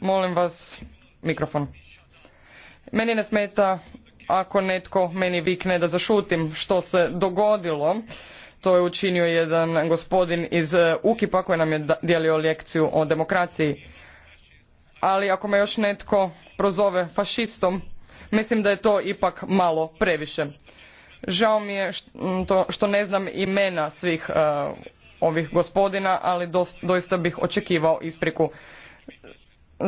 Molim vas, mikrofon. Meni ne smeta ako netko meni vikne da zašutim što se dogodilo. To je učinio jedan gospodin iz eh, Ukipa koji nam je dijelio lekciju o demokraciji. Ali ako me još netko prozove fašistom, mislim da je to ipak malo previše. Žao mi je što ne znam imena svih eh, ovih gospodina, ali doista bih očekivao ispriku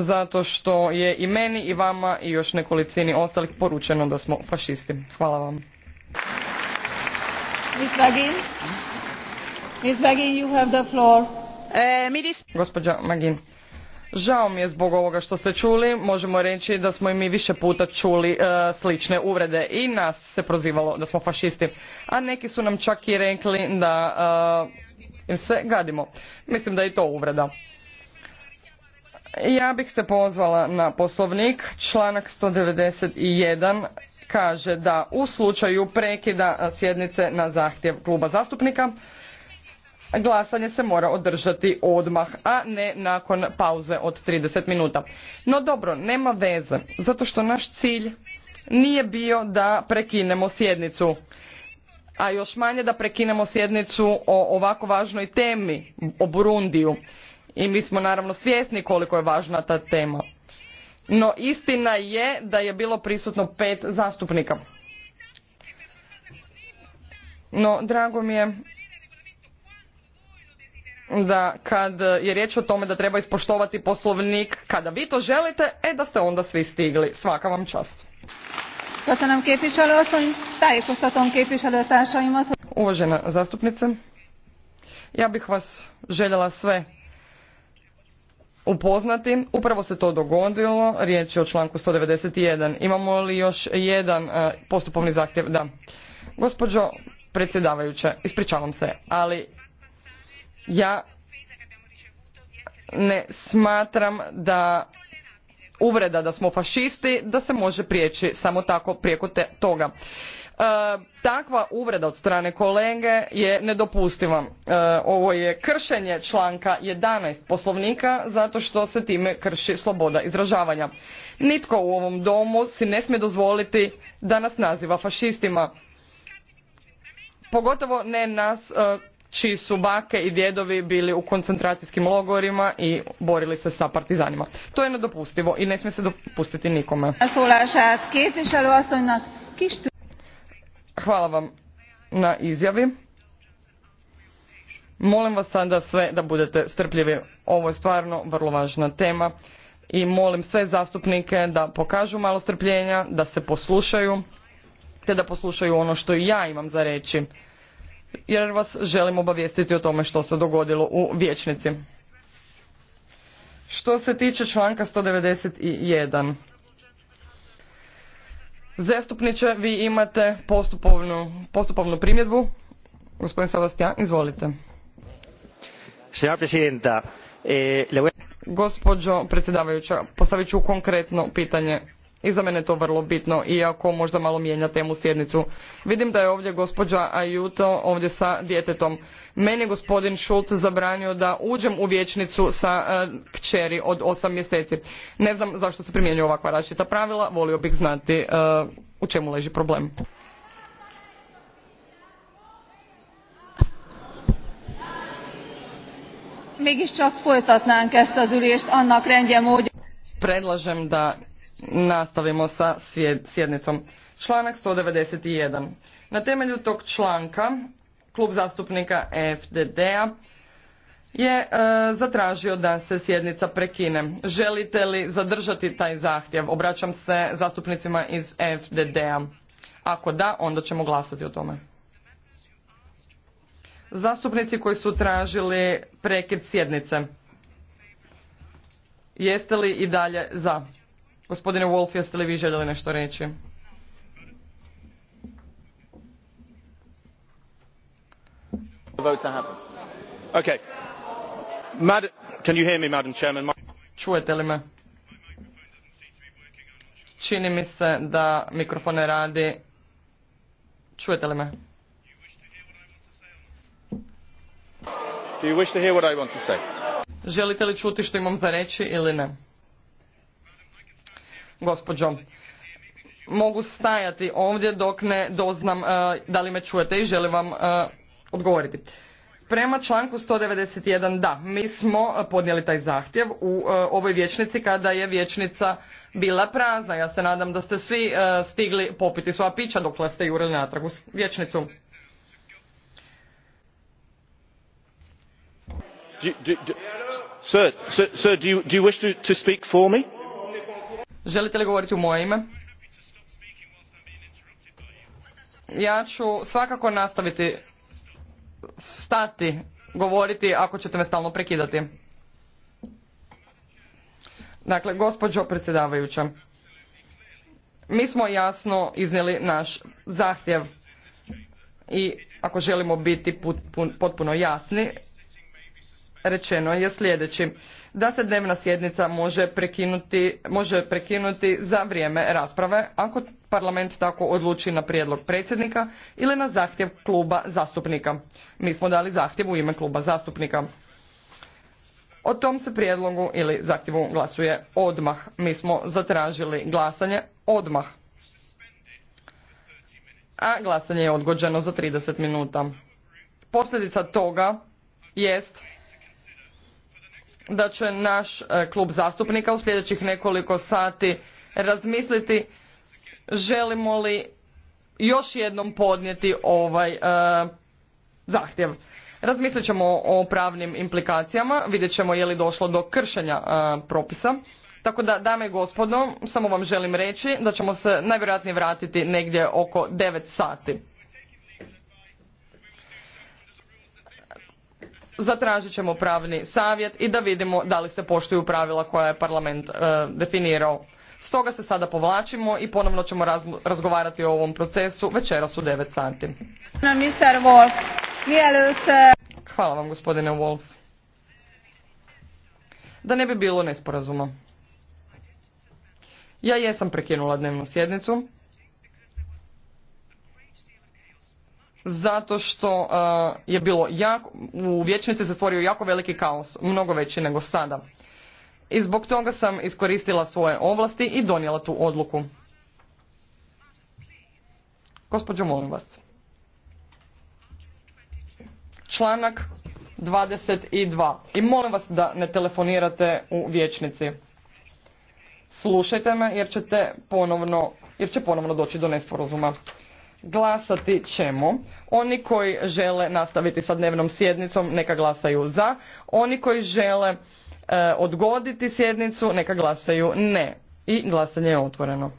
zato što je i meni i vama i još nekolicini ostalih poručeno da smo fašisti. Hvala vam. Magin, e, Magin, žao mi je zbog ovoga što ste čuli, možemo reći da smo i mi više puta čuli e, slične uvrede i nas se prozivalo da smo fašisti, a neki su nam čak i rekli da e, im se gadimo. Mislim da je i to uvreda. Ja bih se pozvala na poslovnik. Članak 191 kaže da u slučaju prekida sjednice na zahtjev kluba zastupnika glasanje se mora održati odmah, a ne nakon pauze od 30 minuta. No dobro, nema veze, zato što naš cilj nije bio da prekinemo sjednicu a još manje da prekinemo sjednicu o ovako važnoj temi o Burundiju i mi smo naravno svjesni koliko je važna ta tema. No istina je da je bilo prisutno pet zastupnika. No, drago mi je da kad je riječ o tome da treba ispoštovati poslovnik kada vi to želite, e da ste onda svi stigli. Svaka vam čast. Uvažena zastupnice, ja bih vas željela sve upoznati. Upravo se to dogodilo, riječ je o članku 191. Imamo li još jedan e, postupovni zahtjev? Da. Gospođo predsjedavajuće, ispričavam se, ali ja ne smatram da uvreda da smo fašisti da se može prijeći samo tako prijeko toga. E, takva uvreda od strane kolege je nedopustiva. E, ovo je kršenje članka 11 poslovnika zato što se time krši sloboda izražavanja. Nitko u ovom domu si ne smije dozvoliti da nas naziva fašistima. Pogotovo ne nas e, čiji su bake i djedovi bili u koncentracijskim logorima i borili se sa partizanima. To je nedopustivo i ne smije se dopustiti nikome. Hvala vam na izjavi. Molim vas sada sve da budete strpljivi. Ovo je stvarno vrlo važna tema i molim sve zastupnike da pokažu malo strpljenja, da se poslušaju te da poslušaju ono što i ja imam za reći jer vas želim obavijestiti o tome što se dogodilo u vječnici. Što se tiče članka 191 Zastupniče, vi imate postupovnu, primjedbu. Gospodin Sebastian, izvolite. Eh, Gospođo predsjedavajuća, postavit ću konkretno pitanje i za mene je to vrlo bitno, iako možda malo mijenja temu sjednicu. Vidim da je ovdje gospođa Ajuto ovdje sa djetetom. Meni je gospodin Šulc zabranio da uđem u vječnicu sa e, kćeri od osam mjeseci. Ne znam zašto se primjenjuje ovakva različita pravila, volio bih znati e, u čemu leži problem. Predlažem da Nastavimo sa sjednicom. Članak 191. Na temelju tog članka klub zastupnika FDD-a je e, zatražio da se sjednica prekine. Želite li zadržati taj zahtjev? Obraćam se zastupnicima iz FDD-a. Ako da, onda ćemo glasati o tome. Zastupnici koji su tražili prekid sjednice. Jeste li i dalje za? Gospodine Wolf, jeste li vi željeli nešto reći? Čujete li me? Čini mi se da mikrofon ne radi. Čujete li me? Želite li čuti što imam za reći ili ne? gospođo. Mogu stajati ovdje dok ne doznam e, da li me čujete i želim vam e, odgovoriti. Prema članku 191 da, mi smo podnijeli taj zahtjev u e, ovoj vječnici kada je vječnica bila prazna. Ja se nadam da ste svi stigli popiti svoja pića dok ste jurili natrag u vječnicu. Sir, do you, wish to speak for me? Želite li govoriti u moje ime? Ja ću svakako nastaviti stati govoriti ako ćete me stalno prekidati. Dakle, gospođo predsjedavajuća, mi smo jasno iznijeli naš zahtjev i ako želimo biti potpuno jasni, rečeno je sljedeći da se dnevna sjednica može prekinuti, može prekinuti za vrijeme rasprave ako parlament tako odluči na prijedlog predsjednika ili na zahtjev kluba zastupnika. Mi smo dali zahtjev u ime kluba zastupnika. O tom se prijedlogu ili zahtjevu glasuje odmah. Mi smo zatražili glasanje odmah. A glasanje je odgođeno za 30 minuta. Posljedica toga jest da će naš e, klub zastupnika u sljedećih nekoliko sati razmisliti želimo li još jednom podnijeti ovaj e, zahtjev. Razmislit ćemo o pravnim implikacijama, vidjet ćemo je li došlo do kršenja e, propisa. Tako da, dame i gospodo, samo vam želim reći da ćemo se najvjerojatnije vratiti negdje oko 9 sati. zatražit ćemo pravni savjet i da vidimo da li se poštuju pravila koja je parlament e, definirao. Stoga se sada povlačimo i ponovno ćemo razgovarati o ovom procesu večeras u 9 sati. Hvala vam gospodine Wolf. Da ne bi bilo nesporazuma. Ja jesam prekinula dnevnu sjednicu. zato što e, je bilo jako, u Vječnici se stvorio jako veliki kaos, mnogo veći nego sada. I zbog toga sam iskoristila svoje ovlasti i donijela tu odluku. Gospođo, molim vas. Članak 22. I molim vas da ne telefonirate u vječnici. Slušajte me jer ćete ponovno, jer će ponovno doći do nesporazuma glasati ćemo. Oni koji žele nastaviti sa dnevnom sjednicom neka glasaju za, oni koji žele e, odgoditi sjednicu neka glasaju ne. I glasanje je otvoreno.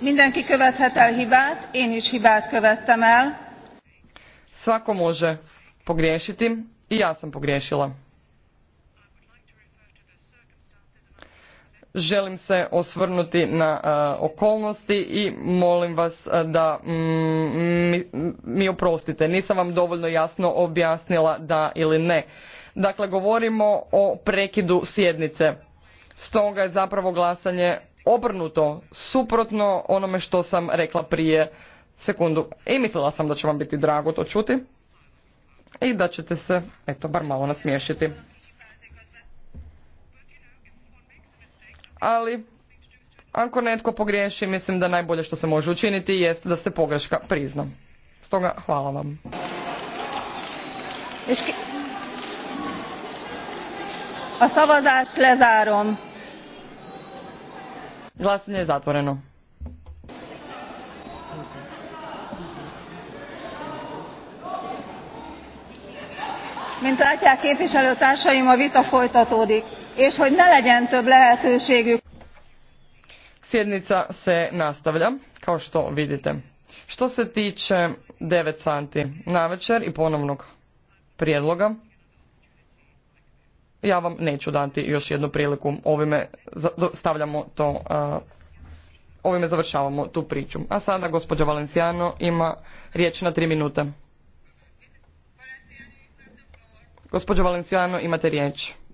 Mindenki követhet hibát, én is hibát követtem el. Svako može pogriješiti i ja sam pogriješila. Želim se osvrnuti na e, okolnosti i molim vas e, da mm, mi, mi oprostite. Nisam vam dovoljno jasno objasnila da ili ne. Dakle, govorimo o prekidu sjednice. Stoga je zapravo glasanje obrnuto suprotno onome što sam rekla prije sekundu. I mislila sam da će vam biti drago to čuti i da ćete se, eto, bar malo nasmiješiti. Ali, ako netko pogriješi, mislim da najbolje što se može učiniti jest da ste pogreška prizna. Stoga, hvala vam. A vam. Glasanje je zatvoreno. Mint látják képviselőtársaim, a vita folytatódik, és hogy ne legyen több lehetőségük. Sjednica se nastavlja, kao što vidite. Što se tiče 9 santi na večer i ponovnog prijedloga, ja vam neću dati još jednu priliku. Ovime stavljamo to, ovime završavamo tu priču. A sada gospođa Valenciano ima riječ na tri minute. Gospođo Valenciano, imate riječ.